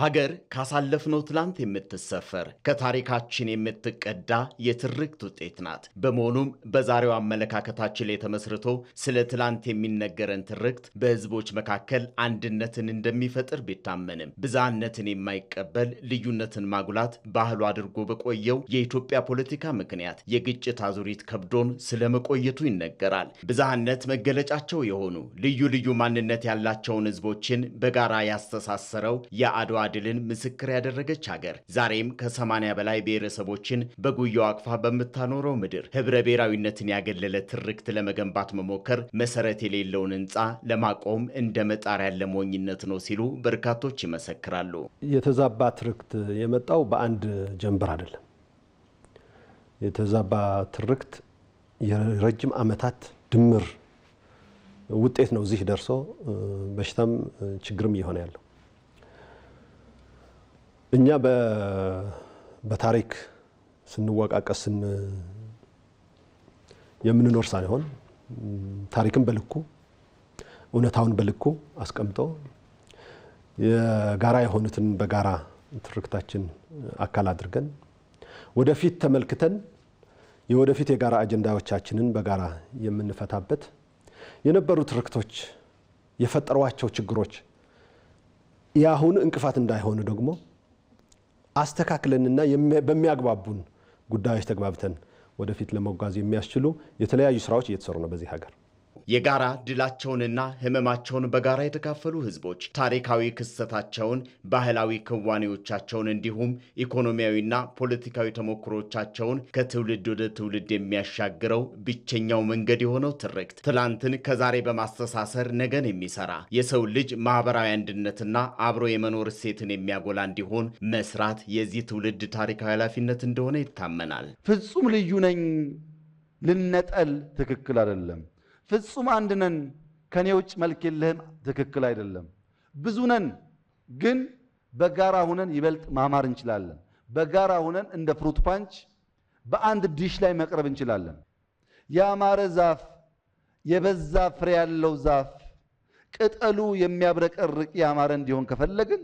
ሀገር ካሳለፍነው ትላንት የምትሰፈር ከታሪካችን የምትቀዳ የትርክት ውጤት ናት። በመሆኑም በዛሬው አመለካከታችን ላይ ተመስርቶ ስለ ትላንት የሚነገረን ትርክት በህዝቦች መካከል አንድነትን እንደሚፈጥር ቢታመንም ብዝሃነትን የማይቀበል ልዩነትን ማጉላት ባህሉ አድርጎ በቆየው የኢትዮጵያ ፖለቲካ ምክንያት የግጭት አዙሪት ከብዶን ስለመቆየቱ ይነገራል። ብዝሃነት መገለጫቸው የሆኑ ልዩ ልዩ ማንነት ያላቸውን ህዝቦችን በጋራ ያስተሳሰረው የአድዋ ድልን ምስክር ያደረገች ሀገር ዛሬም ከ80 በላይ ብሔረሰቦችን በጉዮ አቅፋ በምታኖረው ምድር ህብረ ብሔራዊነትን ያገለለ ትርክት ለመገንባት መሞከር መሰረት የሌለውን ህንፃ ለማቆም እንደ መጣር ያለ ሞኝነት ነው ሲሉ በርካቶች ይመሰክራሉ። የተዛባ ትርክት የመጣው በአንድ ጀንበር አይደለም። የተዛባ ትርክት የረጅም ዓመታት ድምር ውጤት ነው። እዚህ ደርሶ በሽታም ችግርም እየሆነ ያለው እኛ በታሪክ ስንወቃቀስ የምንኖር ሳይሆን ታሪክን በልኩ እውነታውን በልኩ አስቀምጦ የጋራ የሆኑትን በጋራ ትርክታችን አካል አድርገን ወደፊት ተመልክተን የወደፊት የጋራ አጀንዳዎቻችንን በጋራ የምንፈታበት የነበሩ ትርክቶች የፈጠሯቸው ችግሮች የአሁን እንቅፋት እንዳይሆኑ ደግሞ አስተካክለንና በሚያግባቡን ጉዳዮች ተግባብተን ወደፊት ለመጓዝ የሚያስችሉ የተለያዩ ስራዎች እየተሰሩ ነው በዚህ ሀገር። የጋራ ድላቸውንና ህመማቸውን በጋራ የተካፈሉ ህዝቦች ታሪካዊ ክስተታቸውን፣ ባህላዊ ክዋኔዎቻቸውን እንዲሁም ኢኮኖሚያዊና ፖለቲካዊ ተሞክሮቻቸውን ከትውልድ ወደ ትውልድ የሚያሻግረው ብቸኛው መንገድ የሆነው ትርክት ትላንትን ከዛሬ በማስተሳሰር ነገን የሚሰራ የሰው ልጅ ማህበራዊ አንድነትና አብሮ የመኖር እሴትን የሚያጎላ እንዲሆን መስራት የዚህ ትውልድ ታሪካዊ ኃላፊነት እንደሆነ ይታመናል። ፍጹም ልዩ ነኝ ልነጠል ትክክል አይደለም። ፍጹም አንድ ነን፣ ከኔ ውጭ መልክ የለህም፣ ትክክል አይደለም። ብዙ ነን፣ ግን በጋራ ሁነን ይበልጥ ማማር እንችላለን። በጋራ ሁነን እንደ ፍሩት ፓንች በአንድ ዲሽ ላይ መቅረብ እንችላለን። ያማረ ዛፍ፣ የበዛ ፍሬ ያለው ዛፍ፣ ቅጠሉ የሚያብረቀርቅ ያማረ እንዲሆን ከፈለግን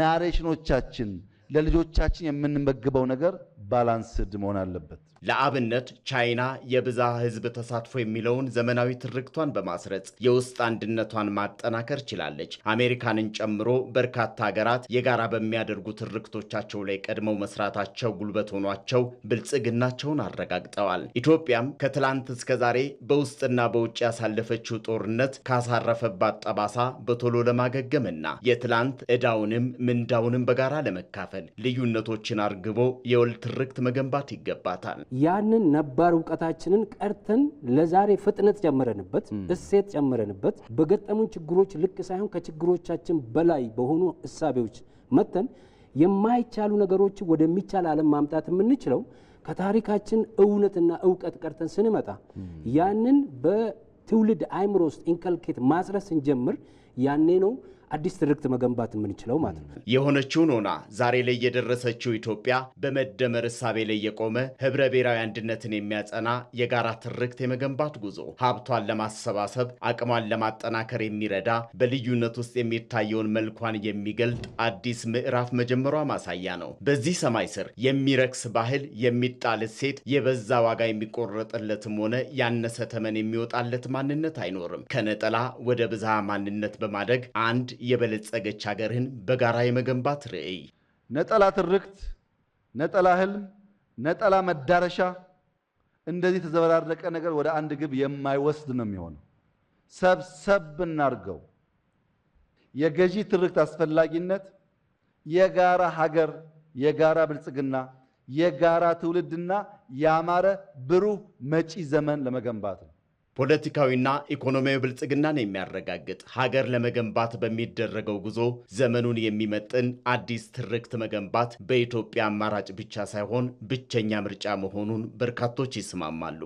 ናሬሽኖቻችን ለልጆቻችን የምንመግበው ነገር ባላንስድ መሆን አለበት። ለአብነት ቻይና የብዝሃ ህዝብ ተሳትፎ የሚለውን ዘመናዊ ትርክቷን በማስረጽ የውስጥ አንድነቷን ማጠናከር ችላለች። አሜሪካንን ጨምሮ በርካታ ሀገራት የጋራ በሚያደርጉ ትርክቶቻቸው ላይ ቀድመው መስራታቸው ጉልበት ሆኗቸው ብልጽግናቸውን አረጋግጠዋል። ኢትዮጵያም ከትላንት እስከ ዛሬ በውስጥና በውጭ ያሳለፈችው ጦርነት ካሳረፈባት ጠባሳ በቶሎ ለማገገምና የትላንት ዕዳውንም ምንዳውንም በጋራ ለመካፈል ልዩነቶችን አርግቦ የወልት ትርክት መገንባት ይገባታል። ያንን ነባር እውቀታችንን ቀርተን ለዛሬ ፍጥነት ጨምረንበት፣ እሴት ጨምረንበት በገጠሙን ችግሮች ልክ ሳይሆን ከችግሮቻችን በላይ በሆኑ እሳቤዎች መተን የማይቻሉ ነገሮች ወደሚቻል ዓለም ማምጣት የምንችለው ከታሪካችን እውነትና እውቀት ቀርተን ስንመጣ ያንን በትውልድ አይምሮ ውስጥ ኢንከልኬት ማስረስ ስንጀምር ያኔ ነው አዲስ ትርክት መገንባት የምንችለው ማለት ነው። የሆነችውን ሆና ዛሬ ላይ የደረሰችው ኢትዮጵያ በመደመር እሳቤ ላይ የቆመ ህብረ ብሔራዊ አንድነትን የሚያጸና የጋራ ትርክት የመገንባት ጉዞ ሀብቷን ለማሰባሰብ አቅሟን ለማጠናከር የሚረዳ በልዩነት ውስጥ የሚታየውን መልኳን የሚገልጥ አዲስ ምዕራፍ መጀመሯ ማሳያ ነው። በዚህ ሰማይ ስር የሚረክስ ባህል፣ የሚጣል እሴት፣ የበዛ ዋጋ የሚቆረጥለትም ሆነ ያነሰ ተመን የሚወጣለት ማንነት አይኖርም። ከነጠላ ወደ ብዝሃ ማንነት በማደግ አንድ የበለጸገች ሀገርህን በጋራ የመገንባት ርዕይ ነጠላ ትርክት፣ ነጠላ ህልም፣ ነጠላ መዳረሻ እንደዚህ የተዘበራረቀ ነገር ወደ አንድ ግብ የማይወስድ ነው የሚሆነው። ሰብሰብ እናርገው። የገዢ ትርክት አስፈላጊነት የጋራ ሀገር፣ የጋራ ብልጽግና፣ የጋራ ትውልድና ያማረ ብሩህ መጪ ዘመን ለመገንባት ነው። ፖለቲካዊና ኢኮኖሚያዊ ብልጽግናን የሚያረጋግጥ ሀገር ለመገንባት በሚደረገው ጉዞ ዘመኑን የሚመጥን አዲስ ትርክት መገንባት በኢትዮጵያ አማራጭ ብቻ ሳይሆን ብቸኛ ምርጫ መሆኑን በርካቶች ይስማማሉ።